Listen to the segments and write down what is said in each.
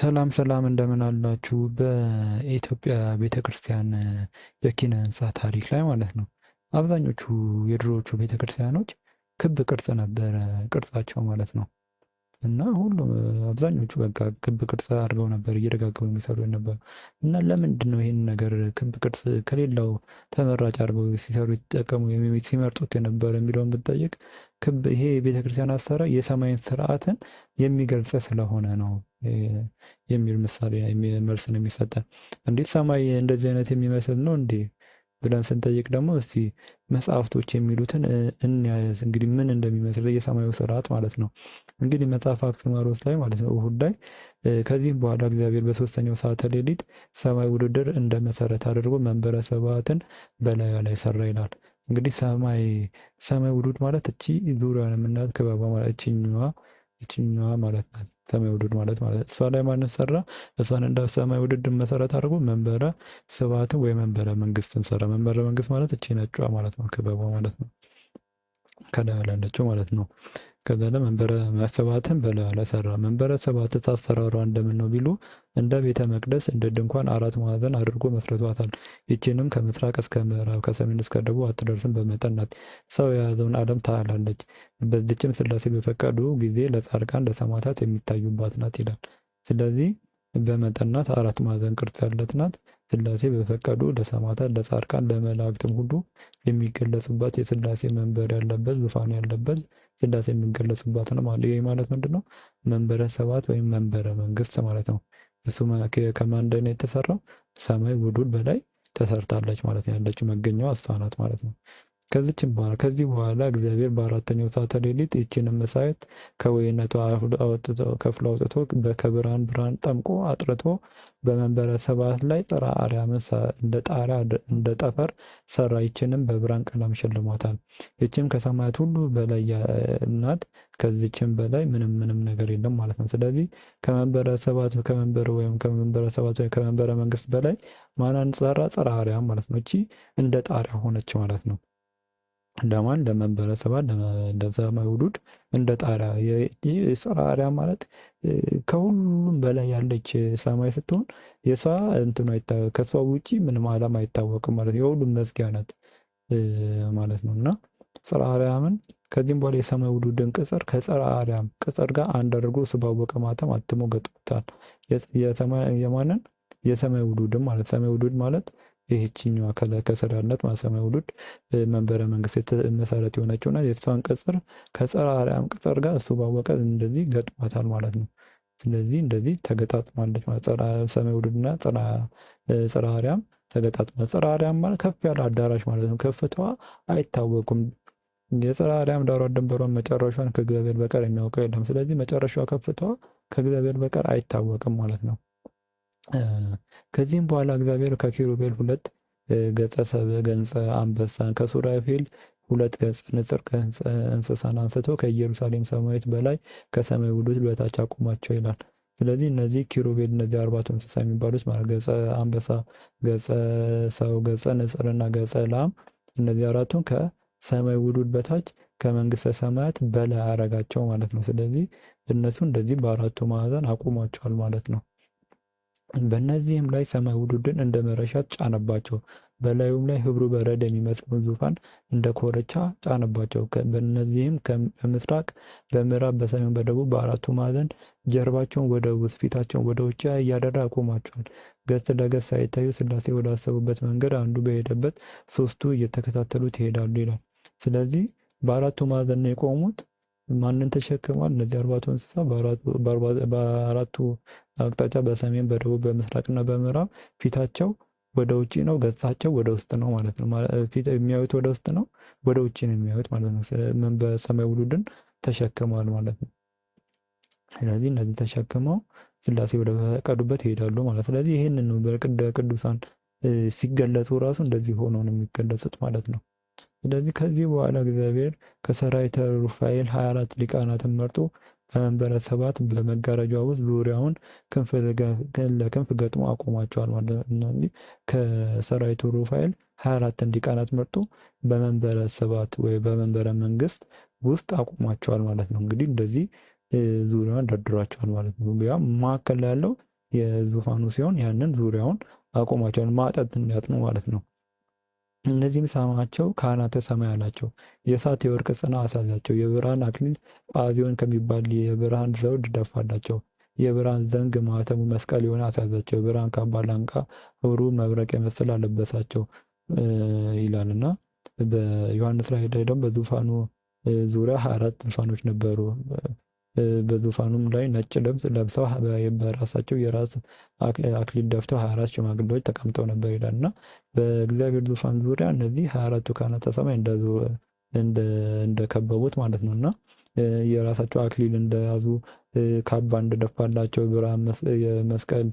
ሰላም ሰላም እንደምን አላችሁ። በኢትዮጵያ ቤተ ክርስቲያን የኪነ ህንፃ ታሪክ ላይ ማለት ነው አብዛኞቹ የድሮዎቹ ቤተ ክርስቲያኖች ክብ ቅርጽ ነበረ ቅርጻቸው ማለት ነው። እና ሁሉም አብዛኞቹ በቃ ክብ ቅርጽ አድርገው ነበር እየደጋገሙ የሚሰሩ ነበር። እና ለምንድን ነው ይህን ነገር ክብ ቅርጽ ከሌላው ተመራጭ አድርገው ሲሰሩ ሲጠቀሙ ሲመርጡት የነበረ የሚለውን ብጠይቅ፣ ክብ ይሄ የቤተክርስቲያን አሰራር የሰማይን ስርዓትን የሚገልጽ ስለሆነ ነው የሚል ምሳሌ መልስ ነው የሚሰጠን። እንዴት ሰማይ እንደዚህ አይነት የሚመስል ነው እንዴ ብለን ስንጠይቅ ደግሞ እስቲ መጽሐፍቶች የሚሉትን እንያዝ እንግዲህ ምን እንደሚመስል የሰማዩ ስርዓት ማለት ነው። እንግዲህ መጽሐፍ አክሲማሮስ ላይ ማለት ነው እሁድ ላይ ከዚህም በኋላ እግዚአብሔር በሶስተኛው ሰዓተ ሌሊት ሰማይ ውድድር እንደ መሰረት አድርጎ መንበረ ሰባትን በላዩ ላይ ሰራ ይላል። እንግዲህ ሰማይ ሰማይ ውዱድ ማለት እቺ ዙሪያ የምናት ክበባ ማለት እችኛዋ እችኛዋ ማለት ናት። ሰማይ ውድድ ማለት ማለት እሷ ላይ ማንን ሰራ? እሷን እንደ ሰማይ ውድድ መሰረት አድርጎ መንበረ ስባትን ወይ መንበረ መንግስትን ሰራ። መንበረ መንግስት ማለት እቺ ነጯ ማለት ነው፣ ክበቧ ማለት ነው፣ ከላይ ያለችው ማለት ነው። ከዘለ መንበረ ሰባትን በላዩ ሰራ። መንበረ ሰባት ዕፅ አሰራሯ እንደምን ነው ቢሉ እንደ ቤተ መቅደስ እንደ ድንኳን አራት ማዕዘን አድርጎ መስርቷታል። ይቺንም ከምስራቅ እስከ ምዕራብ ከሰሜን እስከ ደቡብ አትደርስም በመጠን ናት። ሰው የያዘውን ዓለም ታህላለች። በዚችም ሥላሴ በፈቀዱ ጊዜ ለጻድቃን ለሰማዕታት የሚታዩባት ናት ይላል። ስለዚህ በመጠን ናት። አራት ማዕዘን ቅርጽ ያለት ናት። ሥላሴ በፈቀዱ ለሰማዕታት ለጻድቃን ለመላእክትም ሁሉ የሚገለጹባት የስላሴ መንበር ያለበት ዙፋን ያለበት ስላሴ የሚገለጽባት ነው ማለት ይህ ማለት ምንድን ነው? መንበረ ሰባት ወይም መንበረ መንግስት ማለት ነው። እሱ ከማንደን የተሰራው ሰማይ ውዱድ በላይ ተሰርታለች ማለት ነው። ያለችው መገኛዋ እሷ ናት ማለት ነው። ከዚችም በኋላ ከዚህ በኋላ እግዚአብሔር በአራተኛው ሰዓት ሌሊት ይህችንም መሥዋዕት ከወይነቱ ከፍሎ አውጥቶ ከብርሃን ብርሃን ጠምቆ አጥርቶ በመንበረ ሰባት ላይ ፀረ አርያም እንደ ጣሪያ እንደ ጠፈር ሰራ። ይችንም በብርሃን ቀለም ሸልሟታል። ይችም ከሰማያት ሁሉ በላይ ናት። ከዚችም በላይ ምንም ምንም ነገር የለም ማለት ነው። ስለዚህ ከመንበረ ሰባት ከመንበረ ወይም ከመንበረ ሰባት ወይም ከመንበረ መንግስት በላይ ማናን አንጻራ? ፀረ አርያም ማለት ነው። እቺ እንደ ጣሪያ ሆነች ማለት ነው። ለማን ለመንበረ ስብሐት ለዘመውዱድ እንደ ጣሪያ ጣሪያ ማለት ከሁሉም በላይ ያለች ሰማይ ስትሆን የሷ እንትኑ ከሷ ውጪ ምንም ዓለም አይታወቅም ማለት የሁሉም መዝጊያ ናት ማለት ነው እና ጽርሐ አርያምን ከዚህም በኋላ የሰማይ ውዱድን ቅጽር ከጽርሐ አርያም ቅጽር ጋር አንድ አድርጎ ስባወቀ ማተም አትሞ ገጥሞታል። የማንን የሰማይ ውዱድን ማለት ሰማይ ውዱድ ማለት ይህችኛዋ ከላይ ከሰላነት ማሰማዊ ውሉድ መንበረ መንግስት መሰረት የሆነችው የሆነችውና የእሷን ቅጽር ከጸረ አርያም ቅጽር ጋር እሱ ባወቀ እንደዚህ ገጥሟታል ማለት ነው። ስለዚህ እንደዚህ ተገጣጥማለች ማለት ጸረ ሰማይ ውሉድና ጸረ አርያም ተገጣጥማ ጸረ አርያም ማለት ከፍ ያለ አዳራሽ ማለት ነው። ከፍታዋ አይታወቁም። የጸረ አርያም ዳሯ ድንበሯን መጨረሻዋን ከእግዚአብሔር በቀር የሚያውቀው የለም። ስለዚህ መጨረሻዋ ከፍታዋ ከእግዚአብሔር በቀር አይታወቅም ማለት ነው። ከዚህም በኋላ እግዚአብሔር ከኪሩቤል ሁለት ገጸ ሰብ ገንጸ አንበሳን ከሱራፌል ሁለት ገጽ ንጽር እንስሳን አንስቶ ከኢየሩሳሌም ሰማያዊት በላይ ከሰማይ ውሉት በታች አቁማቸው ይላል። ስለዚህ እነዚህ ኪሩቤል እነዚህ አርባቱ እንስሳ የሚባሉት ማለት ገጸ አንበሳ፣ ገጸ ሰው፣ ገጸ ንጽርና ገጸ ላም እነዚህ አራቱን ከሰማይ ውሉድ በታች ከመንግስተ ሰማያት በላይ አረጋቸው ማለት ነው። ስለዚህ እነሱ እንደዚህ በአራቱ ማዕዘን አቁሟቸዋል ማለት ነው። በእነዚህም ላይ ሰማይ ውዱድን እንደ መረሻት ጫነባቸው፣ በላዩም ላይ ህብሩ በረድ የሚመስለውን ዙፋን እንደ ኮረቻ ጫነባቸው። በእነዚህም በምስራቅ በምዕራብ በሰሜን በደቡብ በአራቱ ማዕዘን ጀርባቸውን ወደ ውስጥ ፊታቸውን ወደ ውጭ እያደረ አቆማቸዋል። ገጽ ለገጽ ሳይታዩ ስላሴ ወዳሰቡበት መንገድ አንዱ በሄደበት ሶስቱ እየተከታተሉት ይሄዳሉ ይላል። ስለዚህ በአራቱ ማዕዘን የቆሙት ማንን ተሸክሟል? እነዚህ አርባቱ እንስሳ በአራቱ አቅጣጫ በሰሜን፣ በደቡብ፣ በምስራቅና በምዕራብ ፊታቸው ወደ ውጭ ነው፣ ገጻቸው ወደ ውስጥ ነው ማለት ነው። የሚያዩት ወደ ውስጥ ነው፣ ወደ ውጭ ነው የሚያዩት ማለት ነው። በሰማይ ውሉድን ተሸክመዋል ማለት ነው። ስለዚህ እነዚህ ተሸክመው ስላሴ ወደ ፈቀዱበት ይሄዳሉ ማለት ስለዚህ ይህንን ነው በቅዱሳን ሲገለጹ ራሱ እንደዚህ ሆኖ ነው የሚገለጹት ማለት ነው። ስለዚህ ከዚህ በኋላ እግዚአብሔር ከሰራዊተ ሩፋኤል 24 አራት ሊቃናትን መርጦ በመንበረ ሰባት በመጋረጃ ውስጥ ዙሪያውን ክንፍ ለክንፍ ገጥሞ አቆማቸዋል ማለት ነው። እነዚህ ከሰራዊቱ ሩፋኤል 24 ሊቃናት መርጦ በመንበረ ሰባት ወይ በመንበረ መንግስት ውስጥ አቆማቸዋል ማለት ነው። እንግዲህ እንደዚህ ዙሪያውን ደርድሯቸዋል ማለት ነው። ያም ማዕከል ያለው የዙፋኑ ሲሆን ያንን ዙሪያውን አቆማቸዋል ማጠት እንዲያጥኑ ማለት ነው። እነዚህም ሳማቸው ካህናተ ሰማይ አላቸው። የእሳት የወርቅ ጽና አሳያቸው። የብርሃን አክሊል ጳዚዮን ከሚባል የብርሃን ዘውድ ደፋላቸው። የብርሃን ዘንግ ማተሙ መስቀል የሆነ አሳያቸው። የብርሃን ካባ ላንቃ ኅብሩ መብረቅ የመሰለ አለበሳቸው ይላል እና በዮሐንስ ላይ ደግሞ በዙፋኑ ዙሪያ ሀያ አራት ዙፋኖች ነበሩ። በዙፋኑም ላይ ነጭ ልብስ ለብሰው በራሳቸው የራስ አክሊል ደፍተው ሀያ አራት ሽማግሌዎች ተቀምጠው ነበር ይላል እና በእግዚአብሔር ዙፋን ዙሪያ እነዚህ ሀያ አራቱ ካህናተ ሰማይ እንደከበቡት ማለት ነው እና የራሳቸው አክሊል እንደያዙ ካባ እንደደፋላቸው ብርሃን መስቀል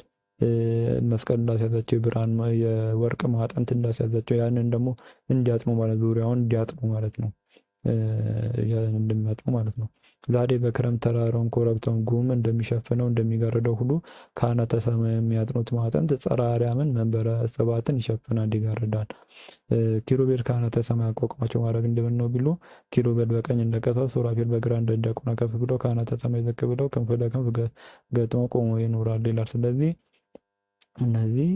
መስቀል እንዳስያዛቸው የብርሃን የወርቅ ማጠንት እንዳስያዛቸው ያንን ደግሞ እንዲያጥሙ ማለት ዙሪያውን እንዲያጥሙ ማለት ነው እንዲያጥሙ ማለት ነው። ዛሬ በክረምት ተራራውን ኮረብታውን ጉም እንደሚሸፍነው እንደሚጋርደው ሁሉ ካህናተ ሰማይ የሚያጥኑት ማዕጠንት ጸረ አርያምን መንበረ ጽባትን ይሸፍናል፣ ይጋርዳል። ኪሩቤል ካህናተ ሰማይ አቋቁማቸው ማድረግ እንደምን ነው ቢሉ ኪሩቤል በቀኝ እንደቀሳው ሱራፌል በግራ እንደ ከፍ ብለው ካህናተ ሰማይ ዝቅ ብለው ክንፍ ለክንፍ ገጥሞ ቆሞ ይኖራል ይላል። ስለዚህ እነዚህ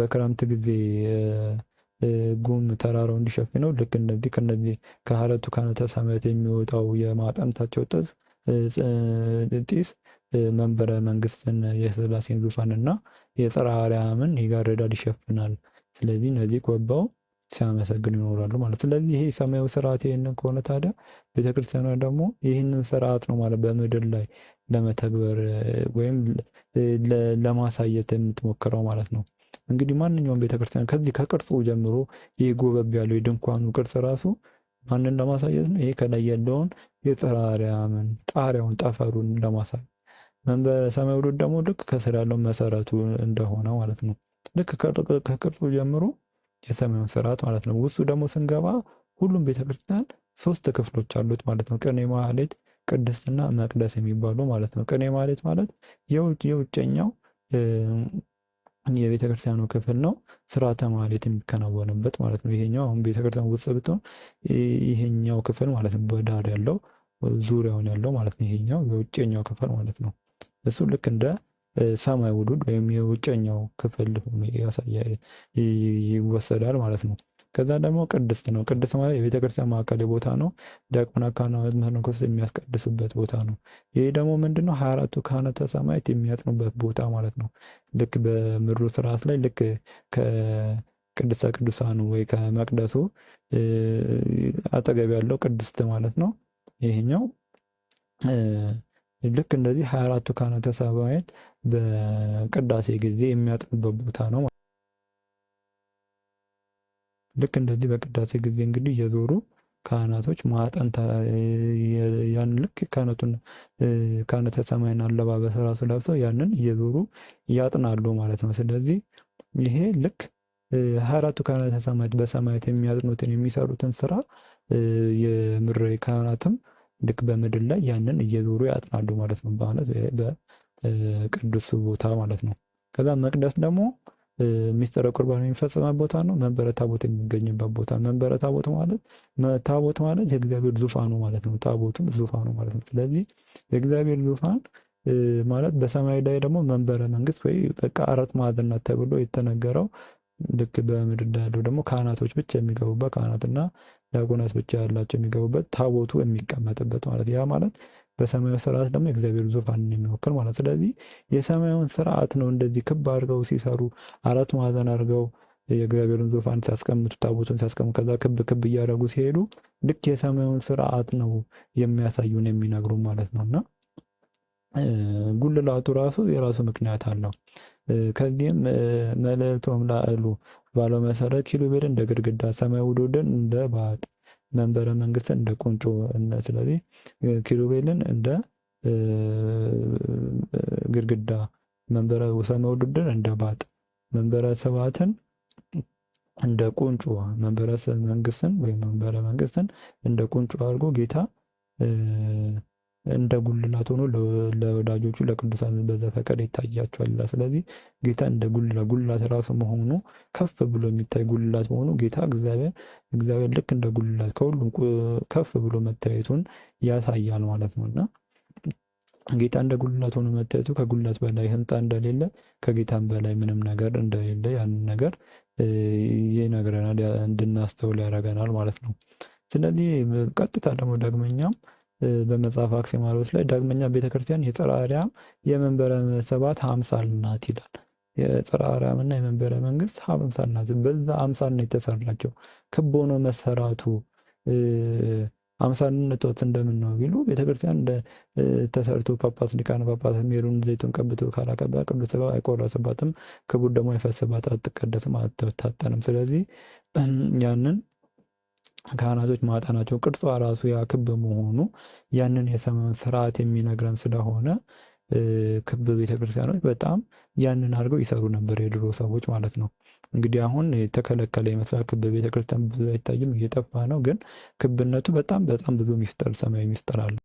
በክረምት ጊዜ ጉም ተራራው እንዲሸፍነው ልክ እነዚህ ከነዚህ ከሀለቱ ካነተ ሰማያት የሚወጣው የማጠንታቸው ጢስ ጢስ መንበረ መንግስትን የሥላሴን ዙፋንና የጸረ አርያምን ይጋርዳል፣ ይሸፍናል። ስለዚህ እነዚህ ቆባው ሲያመሰግን ይኖራሉ ማለት። ስለዚህ ይሄ ሰማያዊ ስርዓት ይህንን ከሆነ ታዲያ ቤተክርስቲያኗ ደግሞ ይህንን ስርዓት ነው ማለት በምድር ላይ ለመተግበር ወይም ለማሳየት የምትሞክረው ማለት ነው። እንግዲህ ማንኛውም ቤተክርስቲያን ከዚህ ከቅርጹ ጀምሮ ይህ ጎበብ ያለው የድንኳኑ ቅርጽ ራሱ ማንን ለማሳየት ነው? ይሄ ከላይ ያለውን የፀራሪያምን ጣሪያውን ጠፈሩን ለማሳየት መንበረ ሰማያዊ ደግሞ ልክ ከስር ያለው መሰረቱ እንደሆነ ማለት ነው። ልክ ከቅርጹ ጀምሮ የሰማዩን ስርዓት ማለት ነው። ውስጡ ደግሞ ስንገባ ሁሉም ቤተክርስቲያን ሶስት ክፍሎች አሉት ማለት ነው። ቅኔ ማህሌት፣ ቅድስትና መቅደስ የሚባሉ ማለት ነው። ቅኔ ማህሌት ማለት የውጭኛው የቤተክርስቲያኑ ክፍል ነው ስርዓተ ማህሌት የሚከናወንበት ማለት ነው። ይሄኛው አሁን ቤተክርስቲያን ውስጥ ብትሆን ይሄኛው ክፍል ማለት ነው፣ በዳር ያለው ዙሪያውን ያለው ማለት ነው። ይሄኛው የውጭኛው ክፍል ማለት ነው። እሱ ልክ እንደ ሰማይ ውዱድ ወይም የውጭኛው ክፍል ይወሰዳል ማለት ነው። ከዛ ደግሞ ቅድስት ነው። ቅድስት ማለት የቤተ ክርስቲያን ማዕከል ቦታ ነው። ዲያቆናት ካህናት መነኮሳት የሚያስቀድሱበት ቦታ ነው። ይህ ደግሞ ምንድነው? ሀያ አራቱ ካህናተ ሰማዕት የሚያጥኑበት ቦታ ማለት ነው። ልክ በምድሩ ስርዓት ላይ ልክ ከቅድስተ ቅዱሳኑ ወይ ከመቅደሱ አጠገብ ያለው ቅድስት ማለት ነው። ይሄኛው ልክ እንደዚህ ሀያ አራቱ ካህናተ ሰማዕት በቅዳሴ ጊዜ የሚያጥኑበት ቦታ ነው። ልክ እንደዚህ በቅዳሴ ጊዜ እንግዲህ የዞሩ ካህናቶች ማጠን ያን ልክ ካህነቱን ካህነተ ሰማይን አለባበስ ራሱ ለብሰው ያንን እየዞሩ ያጥናሉ ማለት ነው። ስለዚህ ይሄ ልክ ሀያ አራቱ ካህናተ ሰማያት በሰማያት የሚያጥኑትን የሚሰሩትን ስራ የምድራዊ ካህናትም ልክ በምድር ላይ ያንን እየዞሩ ያጥናሉ ማለት ነው። በቅዱስ ቦታ ማለት ነው። ከዛ መቅደስ ደግሞ ሚስጥረ ቁርባን የሚፈጸምበት ቦታ ነው። መንበረ ታቦት የሚገኝበት ቦታ መንበረ ታቦት ማለት ታቦት ማለት የእግዚአብሔር ዙፋኑ ማለት ነው። ታቦቱም ዙፋኑ ማለት ነው። ስለዚህ የእግዚአብሔር ዙፋን ማለት በሰማይ ላይ ደግሞ መንበረ መንግስት ወይ በቃ አራት ማዕዘን ናት ተብሎ የተነገረው ልክ በምድር ያለው ደግሞ ካህናቶች ብቻ የሚገቡበት ካህናትና ዲያቆናት ብቻ ያላቸው የሚገቡበት ታቦቱ የሚቀመጥበት ማለት ያ ማለት በሰማያዊ ስርዓት ደግሞ የእግዚአብሔር ዙፋንን የሚወክል ማለት ስለዚህ የሰማያዊን ስርዓት ነው እንደዚህ ክብ አድርገው ሲሰሩ አራት ማዕዘን አድርገው የእግዚአብሔርን ዙፋን ሲያስቀምጡ ታቦቱን ሲያስቀምጡ ከዛ ክብ ክብ እያደረጉ ሲሄዱ ልክ የሰማዩን ስርዓት ነው የሚያሳዩን የሚነግሩ ማለት ነው። እና ጉልላቱ ራሱ የራሱ ምክንያት አለው። ከዚህም መልእክቶም ላእሉ ባለው መሰረት ኪሩቤል እንደ ግድግዳ፣ ሰማይ ውዱድን እንደ ባጥ መንበረ መንግስትን እንደ ቁንጮ፣ ስለዚህ ኪሩቤልን እንደ ግድግዳ፣ መንበረ ሰማይ ውድድር እንደ ባጥ፣ መንበረ ሰባትን እንደ ቁንጮ፣ መንበረ መንግስትን ወይም መንበረ መንግስትን እንደ ቁንጮ አድርጎ ጌታ እንደ ጉልላት ሆኖ ለወዳጆቹ ለቅዱሳን በዘፈቀደ ይታያቸዋል። ስለዚህ ጌታ እንደ ጉልላት ጉልላት ራሱ መሆኑ ከፍ ብሎ የሚታይ ጉልላት መሆኑ ጌታ እግዚአብሔር እግዚአብሔር ልክ እንደ ጉልላት ከሁሉም ከፍ ብሎ መታየቱን ያሳያል ማለት ነው እና ጌታ እንደ ጉልላት ሆኖ መታየቱ ከጉልላት በላይ ህንፃ እንደሌለ ከጌታም በላይ ምንም ነገር እንደሌለ ያንን ነገር ይነግረናል፣ እንድናስተውል ያደርገናል ማለት ነው። ስለዚህ ቀጥታ ደግሞ ደግመኛም በመጽሐፍ አክሲማሮስ ላይ ዳግመኛ ቤተክርስቲያን የጸረ አርያም የመንበረ ሰባት ሀምሳል ናት ይላል። የጸረ አርያምና የመንበረ መንግስት ሀምሳል ናት። በዛ አምሳል ነው የተሰራቸው። ክብ ሆኖ መሰራቱ አምሳልነቶት እንደምን ነው ቢሉ ቤተክርስቲያን ተሰርቶ ጳጳስ ሊቃነ ጳጳስ ሜሩን ዘይቱን ቀብቶ ካላቀባ ቅዱስ ሥጋው አይቆረስባትም፣ ክቡር ደግሞ አይፈስባት፣ አትቀደስም፣ አትታጠንም። ስለዚህ ያንን ካህናቶች ማጠናቸው ቅርጿ ራሱ ያ ክብ መሆኑ ያንን የሰማዩን ስርዓት የሚነግረን ስለሆነ ክብ ቤተክርስቲያኖች በጣም ያንን አድርገው ይሰሩ ነበር የድሮ ሰዎች ማለት ነው። እንግዲህ አሁን የተከለከለ ይመስላል ክብ ቤተክርስቲያን ብዙ አይታይም፣ እየጠፋ ነው። ግን ክብነቱ በጣም በጣም ብዙ ሚስጥር ሰማያዊ ሚስጥር አለ።